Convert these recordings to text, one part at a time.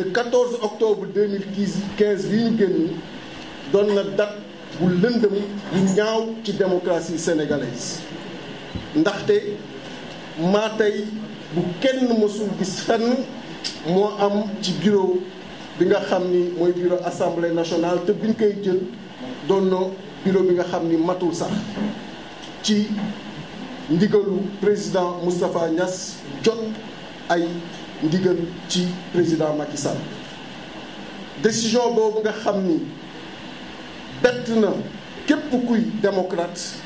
le 14 octobre 2015 yi ñu génn doon na date bu lëndëm bu ñaaw ci démocratie sénégalaise ndaxte maa bu kenn mësul gis fenn moo am ci bureau bi nga xam ni mooy bureau assemblée nationale te biñ koy jël doon na bureau bi nga xam ni matul sax ci ndigalu président Moustapha Niass jot ay ndigal ci président Macky Sall décision boobu nga xam ni bett na képp kuy démocrate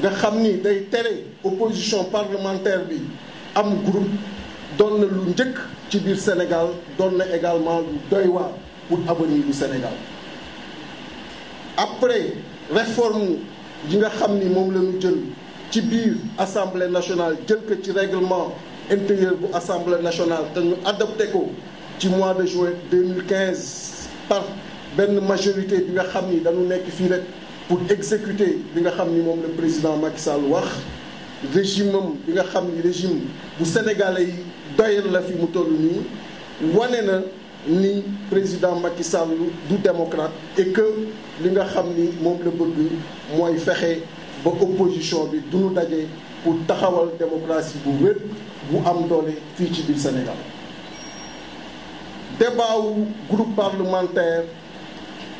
nga xam ni day tere opposition parlementaire bi am groupe doon na lu njëkk ci biir Sénégal doon na également lu doy waar pour avenir du Sénégal après réforme yi nga xam ni moom lañu ñu jël ci biir assemblée nationale jël ko ci règlement intérieur bu assemblée nationale te ñu adopté ko ci mois de juin 2015 par benn majorité bi nga xam ni dañu nekk fii rek pour exécuter bi nga xam ni moom le président Macky Sall wax régime bi nga xam ni régime bu sénégal yi doyal la fi mu toll nii wane na ni président Macky Sall du démocrate et que li nga xam ni moom la bëgg mooy fexe ba opposition bi du ñu daje. pour taxawal démocratie bu wér bu am doole fii ci biir Sénégal débat wu groupe parlementaire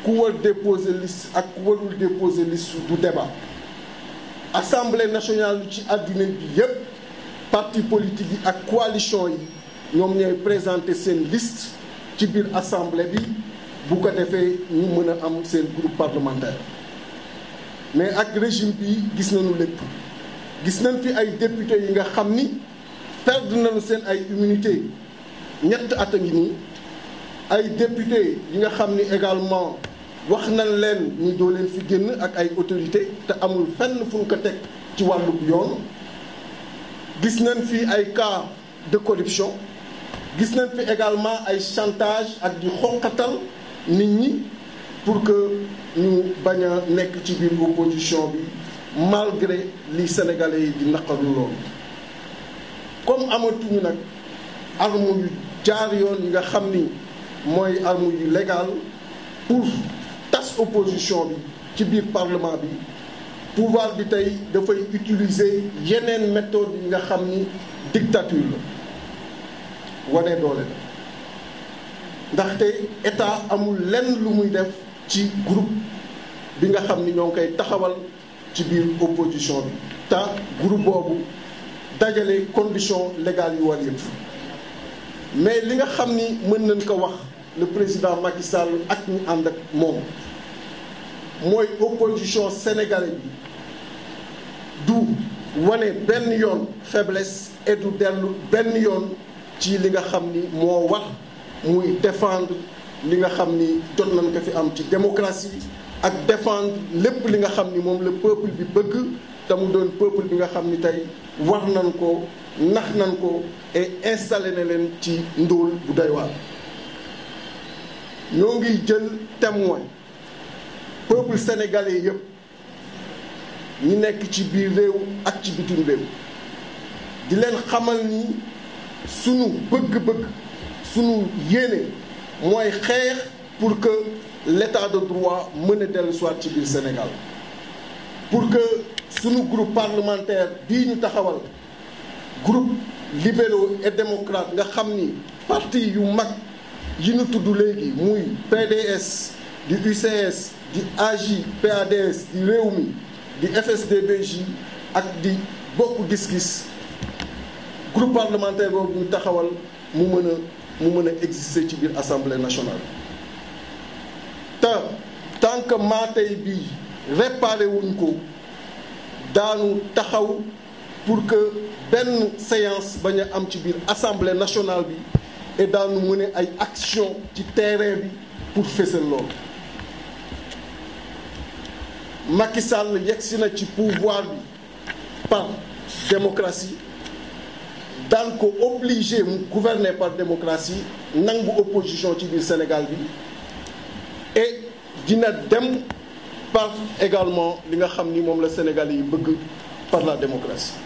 ku war déposer liste ak ku warul déposer liste du débat assemblée nationale ci àddina bi yépp parti politique yi ak coalition yi ñoom ñooy présenté seen liste ci biir assemblée bi bu ko defee ñu mën a am seen groupe parlementaire mais ak régime bi gis nañu lépp gis nañ fi ay député yi nga xam ni perdre nañu seen ay immunité ñett at a nii ay député yi nga xam ni également wax nañ leen ñu doo leen fi génn ak ay autorité te amul fenn fu teg ci wàllub yoon gis nañ fi ay cas de corruption gis nañ fi également ay chantage ak di xoqatal nit ñi pour que ñu bañ a nekk ci biir opposition bi malgré li sénégalais yi di naqaru loolu comme amatuñu nag arme yu jaar yoon yi nga xam ni mooy arme yu légal pour tas opposition bi ci biir parlement bi pouvoir bi tey dafay utiliser yeneen méthode yi nga xam ni dictature la wane doole la ndaxte état amul lenn lu muy def ci groupe bi nga xam ni ñoo koy taxawal ci biir opposition bi te groupe boobu dajale conditions légales yu war yëpp mais li nga xam ni mën nañ ko wax le président Macky Sall ak ñu ànd ak moom mooy opposition sénégalais bi du wane benn yoon faiblesse et dellu benn yoon ci li nga xam ni moo wax muy défendre li nga xam ni jot nañ ko fi am ci démocratie ak défendre lépp li nga xam ni moom la peuple bi bëgg te mu doon peuple bi nga xam ni tey war nan ko nax nan ko et installé na leen ci ndóol bu doy waar ñoo ngi jël témoin peuple sénégalais yépp ñi nekk ci biir réew ak ci bitim réew di leen xamal ni sunu bëgg-bëgg sunu yéene mooy xeex pour que l'état de droit mën a dellu soit ci biir Sénégal pour que suñu groupe parlementaire bii ñu taxawal groupe libéraux et démocrates nga xam ni parti yu mag yi ñu tudd léegi muy PDS di UCS di AJ PADS di mi di fsd gi ak di bokk gis-gis groupe parlementaire boobu ñu taxawal mu mën mu mën a exister ci biir assemblée nationale te tant que Maatay bii réparé wuñ ko daanu taxaw pour que benn séance bañ am ci biir assemblée nationale bi et daanu mener ay action ci terrain bi pour fësal lool Macky Sall yegsi na ci pouvoir bi par démocratie daan ko obligé mu gouverner par démocratie nangu opposition ci biir Sénégal bi et dina dem par également li nga xam ni moom la Sénégal yi bëgg par la démocratie